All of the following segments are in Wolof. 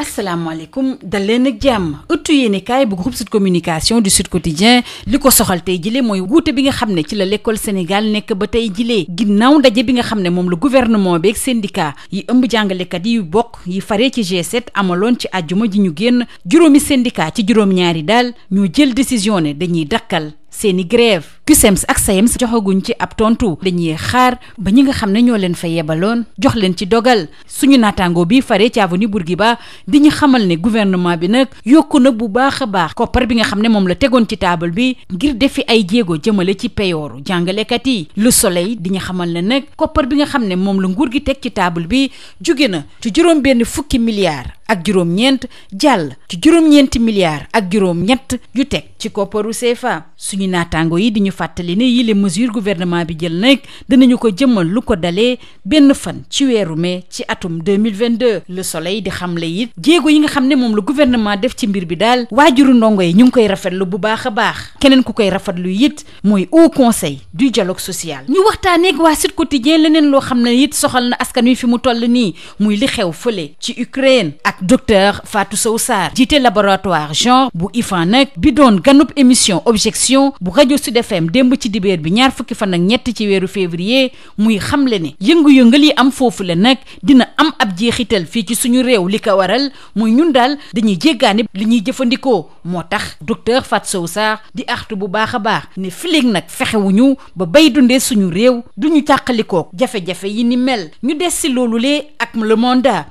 asalaamaaleykum dal leen ak jàmm ëttu yéenekaay bu groupe Sud Communication du Sud Quotidien li ko soxal tey jile mooy wute bi nga xam ne ci la lekkool Sénégal nekk ba tey jilee ginnaaw ndaje bi nga xam ne moom la gouvernement beeg syndicat yi ëmb jàngalekat yi yu bokk yi fare ci G7 amaloon ci àjjuma ji ñu génn juróomi syndicat ci juróom-ñaari daal ñu jël décision ne dañuy dakkal seeni grève PUSEMS ak SAEMS joxaguñ ci ab tontu dañuy xaar ba ñi nga xam ne ñoo leen fa yebaloon jox leen ci dogal suñu naataango bi fare ci avenue baax di ñu xamal ne gouvernement bi nag yokku na bu baax a baax koppar bi nga xam ne moom la tegoon ci taabal bi ngir defi ay jéego jëmale ci peyooru jàngalekat yi Le Soleil di ñu xamal ne nag koppar bi nga xam ne moom la nguur gi teg ci taabal bi jóge na ci juróom benn fukki milliards ak juróom-ñeent jàll ci juróom-ñeenti milliards ak juróom-ñett yu teg ci kopparu CFA suñu naataango yi di ñu fàttali ne yile mesure gouvernement bi jël nag dinañu ko jëmmal lu ko dalee benn fan ci weeru mai ci atum 2022 le soleil di xam xamle it jéego yi nga xam ne moom la gouvernement def ci mbir bi daal waajuru ndongo yi ñu ngi koy rafet lu bu baax a baax keneen ku koy rafetlu it mooy haut conseil du dialogue social ñu waxtaaneeg waa Sud Quotidien leneen loo xam ne it soxal na askan wi fi mu toll nii muy li xew fële ci Ukraine ak docteur Fatou Sow Sarr jiite laboratoire genre bu IFAN nag bi doon ganub émission objection bu rajo Sud FM démb ci dibeer bi ñaar fukki fan ak ñett ci weeru février muy xamle ne yëngu-yëngal yi am foofu la nag dina am ab jeexital fii ci suñu réew li ko waral mooy ñun daal dañuy jéggaane li ñuy jëfandikoo moo tax docteur Fatou Sow Sarr di artu bu baax a baax ne fileeg nag fexewuñu ba bay dundee suñu réew duñu tàqalikook jafe-jafe yi ni mel ñu des si loolu lee ak le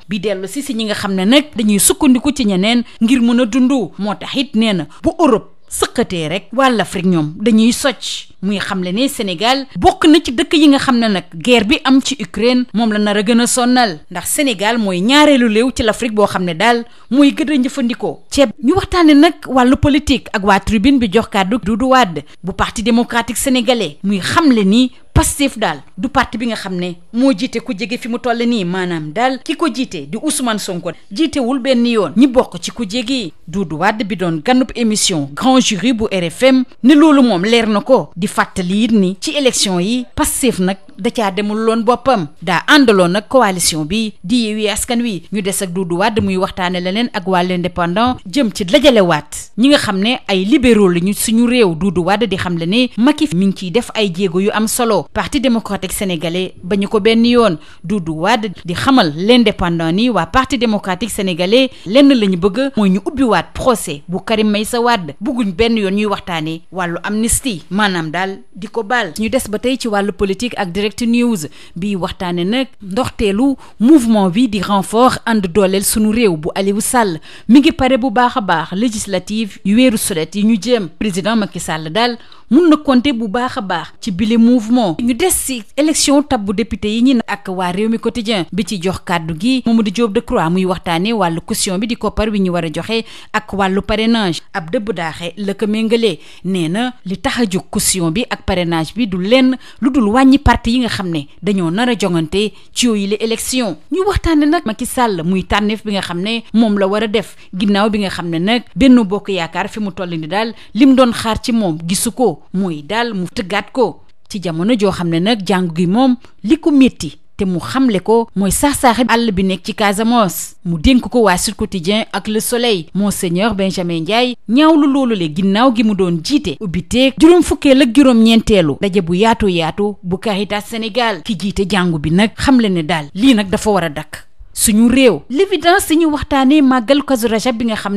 bi dellu si si ñi nga xam ne nag dañuy sukkandiku ci ñeneen ngir mun a dund moo tax it nee na bu Europe sëqatee rek wàll Afrique ñoom dañuy socc muy xamle ne Sénégal bokk na ci dëkk yi nga xam ne nag guerre bi am ci Ukraine moom la nar a gën a sonnal ndax Sénégal mooy ñaareelu léew ci l'Afrique boo xam ne daal mooy gën a njëfandikoo ceeb ñu waxtaane nag wàllu politique ak waa tribune bi jox kàddu Doudou Wade bu parti démocratique sénégalais muy xamle ni Pastef daal du parti bi nga xam ne moo jiite ku jege fi mu toll nii maanaam daal ki ko jiite di Ousmane Sonko jiitewul benn yoon ñi bokk ci ku jege Doudou Wade bi doon émission grand jury bu RFM ne loolu moom leer na ko fàttali it ni ci élection yi Pastef nag da caa demul loon boppam daa àndaloon nag coalition bi di Yewwi Askan Wi ñu des ak Doudou Wade muy waxtaane leen ak wàll indépendant jëm ci dajalewaat ñi nga xam ne ay libéraux lañu suñu réew Doudou Wade di xam le ne Macky mi ngi ciy def ay jéego yu am solo parti démocratique sénégalais ba ñu ko benn yoon Doudou Wade di xamal l'indépendant ni waa parti démocratique sénégalais lenn la ñu bëgg mooy ñu ubbiwaat procès bu Karim sa Wade bëgguñ benn yoon ñuy waxtaane wàllu amnistie maanaam daal di ko baal ñu des ba tey ci wàllu politique ak direct news bii waxtaane nag ndoxteelu mouvement bi di renfort ànd dooleel sunu réew bu Aliou sàll mu ngi pare bu baax a baax législative yu weeru sulet yi ñu jéem président Macky sàll daal mun na compter bu baax a baax ci bile mouvement ñu des si élection tabbu député yi ñi ak waa réew mi quotidien bi ci jox kàddu gi di Mamadou Diop Decroix muy waxtaane wàllu caution bi di koppar wi ñu war a joxe ak wàllu parrainage ab dëbb daaxe la ko méngalee nee na li tax a jóg caution bi ak parrainage bi du lenn lu dul wàññi parti yi nga xam ne dañoo nar a jongante ci yooyu la élection ñu waxtaan waxtaane nag ma ki Sall muy tànneef bi nga xam ne moom la war a def ginnaaw bi nga xam ne nag benn bokk yaakaar fi mu toll ni daal lim doon xaar ci moom gisu ko ko muy daal mu tëggaat ko ci jamono joo xam ne nag jàng gi moom li ko métti te mu xam xamle ko mooy saax-saaxi àll bi nekk ci Casamance mu dénk ko waa Sud Quotidien ak Le Soleil Monseigneur Benjamin Ndiaye lu loolu le ginnaaw gi mu doon jiite ubbi teeg juróom fukkee ak juróom ñeenteelu daje bu yaatu yaatu bu Caritas Sénégal ki jiite jàngu bi nag xamle ne daal lii nag dafa war a dakk suñu réew l'évidence dañuy waxtaanee màggal Kazu Rajab bi nga xam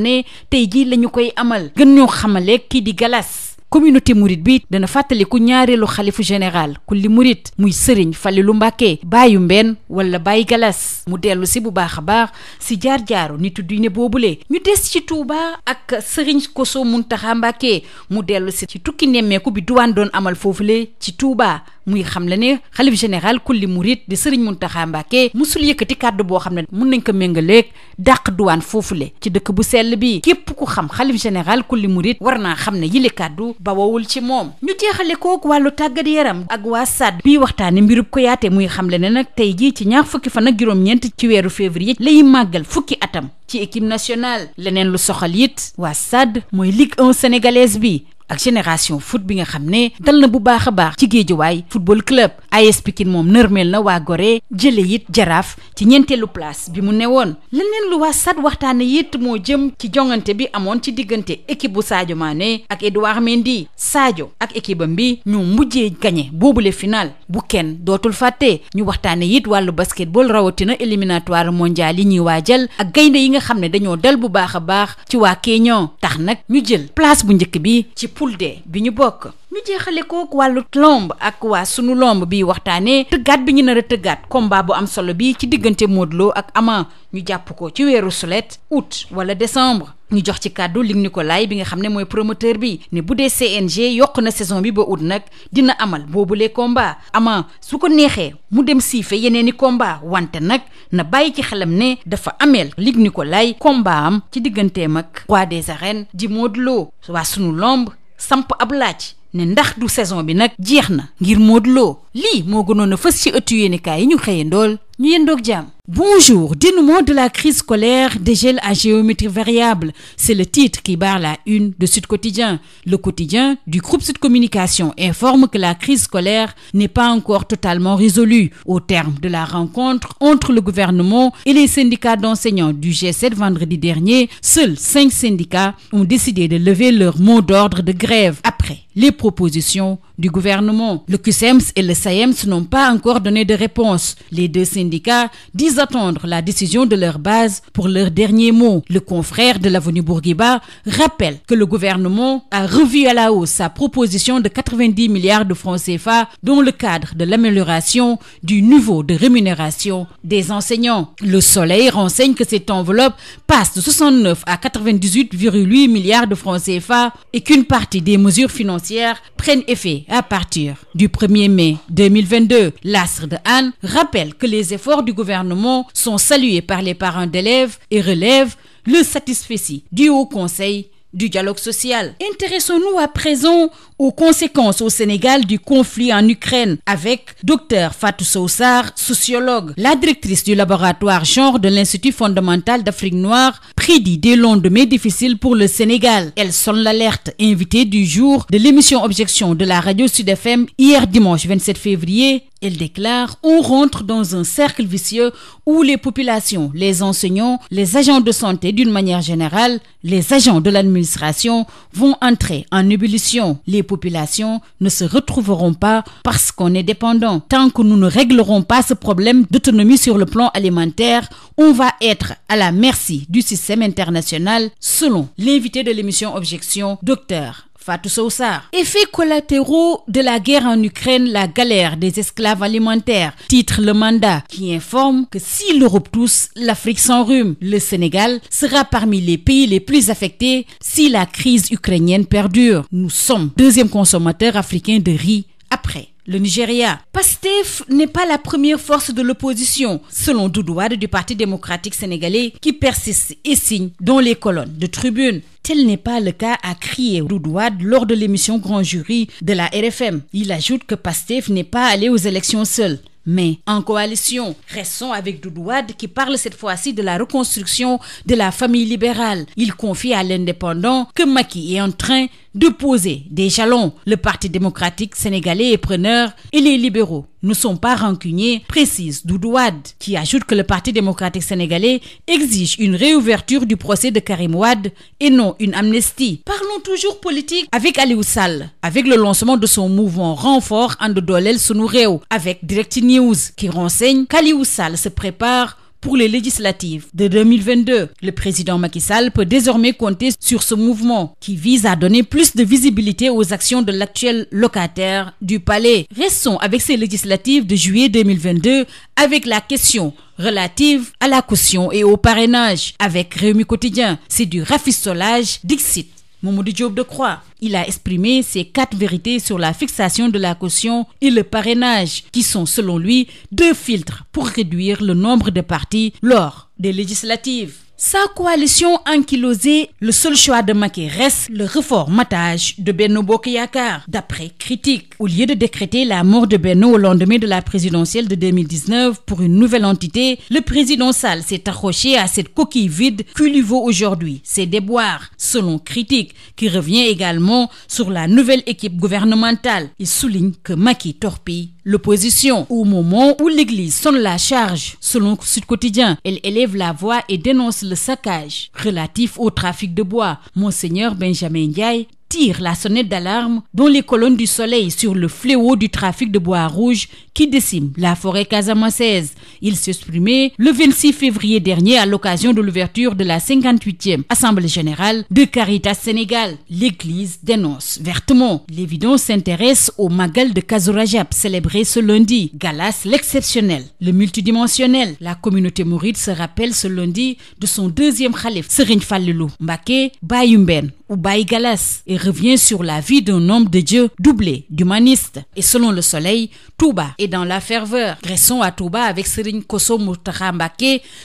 communauté murit bi dana fàttaliku ñaareelu xalifu général ku li murit muy sëriñ lu Mbàkke bàyyu mbenn wala bàyyi galas mu dellu si bu baax a baax si jaar-jaaru nitu diine boobule ñu des ci Touba ak sëriñ Koso Muntaxa Mbàkke mu dellu si ci tukki nemmeeku bi duwaan doon amal foofule ci Touba muy xam la ne xalif général kulli murid di sëriñ Muntaxa Mbàkke musul yëkkati kàddu boo xam ne mun nañ ko méngaleeg dàq duwaan foofule ci dëkk bu sell bi képp ku xam xalif général kulli murid war naa xam ne yile kàddu ba wawul ci moom ñu jeexale kook wàllu tàggat yaram ak waa SAD bii waxtaane mbirub Koyaate muy xam le ne nag tey jii ci ñaar fukki fan ak juróom-ñeent ci weeru février lay màggal fukki atam ci équipe nationale leneen lu soxal it waa SAD mooy Ligue 1 sénégalaise bi ak génération foot bi nga xam ne dal na bu baax a baax ci géejuwaay football club AS Pikine moom nërmeel na waa Gorée jële it jaraaf ci ñeenteelu place bi mu newoon leneen lu waa sat waxtaane it moo jëm ci jongante bi amoon ci diggante équipe bu Sadio maane ak Edouard Mendy Sadio ak équipe bi ñu mujjee gañe boobule final bu kenn dootul fàtte ñu waxtaane it wàllu basketball rawatina éliminatoire mondial yi ñuy waajal ak gaynde yi nga xam ne dañoo dal bu baax a baax ci waa Kenya tax nag ñu jël poule D bi ñu bokk ñu jeexale ko wàllu lomb ak waa sunu lomb bi waxtaanee tëggaat bi ñu nar a tëggaat combat bu am solo bi ci diggante Modou ak amaa ñu jàpp ko ci weeru solet août wala décembre ñu jox ci kàddu ko Nicolaï bi nga xam ne mooy promoteur bi ne bu dee CNG yokk na saison bi ba août nag dina amal boobule komba Ama su ko neexee mu dem siife yeneen i combat wante nag na bàyyi ci xelam ne dafa ameel Luc ko lay kombaam ci digganteem ak roi des arènes lomb samp ab laaj ne ndax du saison bi nag jeex na ngir Modou loo lii moo gënoon a fës ci ëttu yéenekaay yi ñu xëyee xëyandool ñu yendoog jàmm Bonjour, de la crise scolaire des gels à géométrie variable. C'est le titre qui barre la une de Sud Quotidien. Le quotidien du groupe Sud Communication informe que la crise scolaire n'est pas encore totalement résolue. Au terme de la rencontre entre le gouvernement et les syndicats d'enseignants du g vendredi dernier, seuls cinq syndicats ont décidé de lever leur mot d'ordre de grève après les propositions du gouvernement. Le CUSEMS e et le SAEMS e n'ont pas encore donné de réponse. attendre la décision de leur base pour leur dernier mot. Le confrère de l'avenue Bourguiba rappelle que le gouvernement a revu à la hausse sa proposition de 90 milliards de francs CFA dans le cadre de l'amélioration du niveau de rémunération des enseignants. Le Soleil renseigne que cette enveloppe passe de à 98,8 milliards de francs CFA et qu'une partie des mesures financières prennent effet à partir du er mai 2022. de Anne rappelle que les efforts notamment sont salués par les parents d'élèves et relèvent le satisfecit du Haut Conseil du dialogue social. Intéressons-nous à présent aux conséquences au Sénégal du conflit en Ukraine avec Dr Fatou Soussar, sociologue. La directrice du laboratoire genre de l'Institut fondamental d'Afrique noire prédit des lendemains difficiles pour le Sénégal. Elle sonne l'alerte, invitée du jour de l'émission Objection de la radio Sud FM hier dimanche 27 février Elle déclare, on rentre dans un cercle vicieux où les populations, les enseignants, les agents de santé d'une manière générale, les agents de l'administration vont entrer en ébullition. Les populations ne se retrouveront pas parce qu'on est dépendant. Tant que nous ne réglerons pas ce problème d'autonomie sur le plan alimentaire, on va être à la merci du système international, selon l'invité de l'émission Objection, docteur Fatou Soussar. Effets collatéraux de la guerre en Ukraine, la galère des esclaves alimentaires. Titre le mandat qui informe que si l'Europe tousse, l'Afrique s'enrhume. Le Sénégal sera parmi les pays les plus affectés si la crise ukrainienne perdure. Nous sommes deuxième consommateur africain de riz après. le Nigeria. PASTEF n'est pas la première force de l'opposition, selon Doudouade du Parti démocratique sénégalais qui persiste et signe dans les colonnes de tribune. Tel n'est pas le cas à crier Doudouade lors de l'émission Grand Jury de la RFM. Il ajoute que PASTEF n'est pas allé aux élections seul. Mais en coalition, restons avec Doudouade qui parle cette fois-ci de la reconstruction de la famille libérale. Il confie à l'indépendant que Maki est en train de poser des jalons. Le Parti démocratique sénégalais est preneur et les libéraux ne sont pas rancuniers, précise Doudouad, qui ajoute que le Parti démocratique sénégalais exige une réouverture du procès de Karim Wade et non une amnistie. Parlons toujours politique avec Aliou Sall, avec le lancement de son mouvement Renfort And Doolel Sunu Réew, avec Direct News, qui renseigne qu'Aliou Sall se prépare pour les législatives de 2022. Le président Macky Sall peut désormais compter sur ce mouvement qui vise à donner plus de visibilité aux actions de l'actuel locataire du palais. Restons avec ces législatives de juillet 2022 avec la question relative à la caution et au parrainage avec Rewmi Quotidien. C'est du rafistolage, dixit. Mamoudou Diop de Croix. Il a exprimé ses quatre vérités sur la fixation de la caution et le parrainage, qui sont selon lui deux filtres pour réduire le nombre de partis lors des législatives. Sa coalition ankylosée, le seul choix de Macky reste le reformatage de Benno Bokk Yakaar, d'après Critique. Au lieu de décréter la mort de Benno au lendemain de la présidentielle de 2019 pour une nouvelle entité, le président Sall s'est accroché à cette coquille vide qui lui vaut aujourd'hui ses déboires, selon Critique, qui revient également sur la nouvelle équipe gouvernementale. Il souligne que Macky torpille L'opposition, au moment où l'Église sonne la charge, selon Sud Quotidien, elle élève la voix et dénonce le saccage relatif au trafic de bois. Monseigneur Benjamin Ndiaye tire la sonnette d'alarme dans les colonnes du Soleil sur le fléau du trafic de bois rouge qui décime la forêt casamançaise. Il s'exprimait le 26 février dernier à l'occasion de l'ouverture de la 58e Assemblée générale de Caritas Sénégal. L'Église dénonce vertement. L'évidence s'intéresse au Magal de Kazu Rajab célébré ce lundi. Galas l'exceptionnel, le multidimensionnel. La communauté mouride se rappelle ce lundi de son deuxième khalife, Serigne Fallilou Mbacké Baye Mbène revient sur la vie d'un homme de Dieu doublé d'humaniste. Et selon le Soleil, Touba est dans la ferveur. Gressons à Touba avec Serigne Kosso Moustapha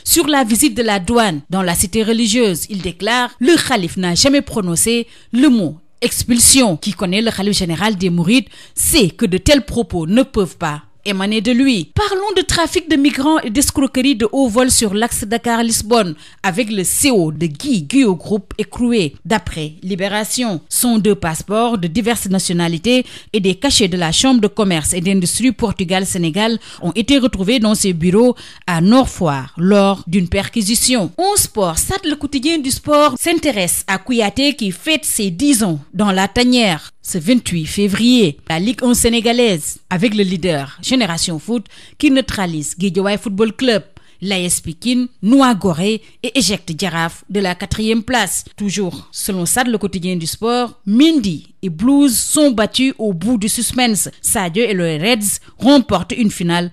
sur la visite de la douane dans la cité religieuse. Il déclare, le khalife n'a jamais prononcé le mot expulsion. Qui connaît le khalife général des Mourides sait que de tels propos ne peuvent pas émanait de lui. Parlons de trafic de migrants et d'escroquerie de haut vol sur l'axe Dakar-Lisbonne avec le CEO de Guy Guillaume Group écroué. D'après Libération, sont deux passeports de diverses nationalités et des cachets de la Chambre de commerce et d'industrie Portugal-Sénégal ont été retrouvés dans ses bureaux à Nord-Foire lors d'une perquisition. En sport, Stades Le Quotidien du Sport s'intéresse à Kouyaté qui fête ses 10 ans dans la tanière. ce 28 février. La Ligue 1 sénégalaise avec le leader Génération Foot qui neutralise Guédiawaye Football Club. L'AS Pikine, et éjecte Diaraf de la quatrième place. Toujours, selon SAD, le quotidien du sport, Mindy et Blues sont battus au bout du suspense. Sadio et le Reds remportent une finale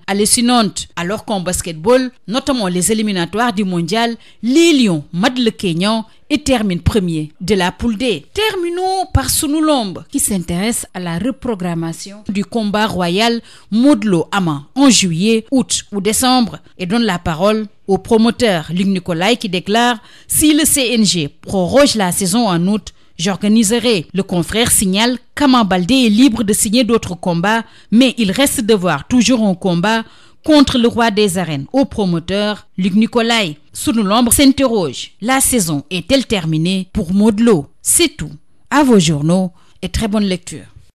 Alors qu'en basketball, notamment les éliminatoires du mondial, les Lions, et termine premier de la poule D. Terminons par Sunu Lamb qui s'intéresse à la reprogrammation du combat royal Modou Lô Ama en juillet, août ou décembre et donne la parole au promoteur Luc Nicolaï qui déclare si le CNG proroge la saison en août J'organiserai. Le confrère signale qu'Ama Baldé est libre de signer d'autres combats, mais il reste de voir toujours un combat contre le roi des arènes au promoteur Sous l'ombre s'interroge. La saison est-elle terminée pour Modelo C'est tout. À vos journaux et très bonne lecture.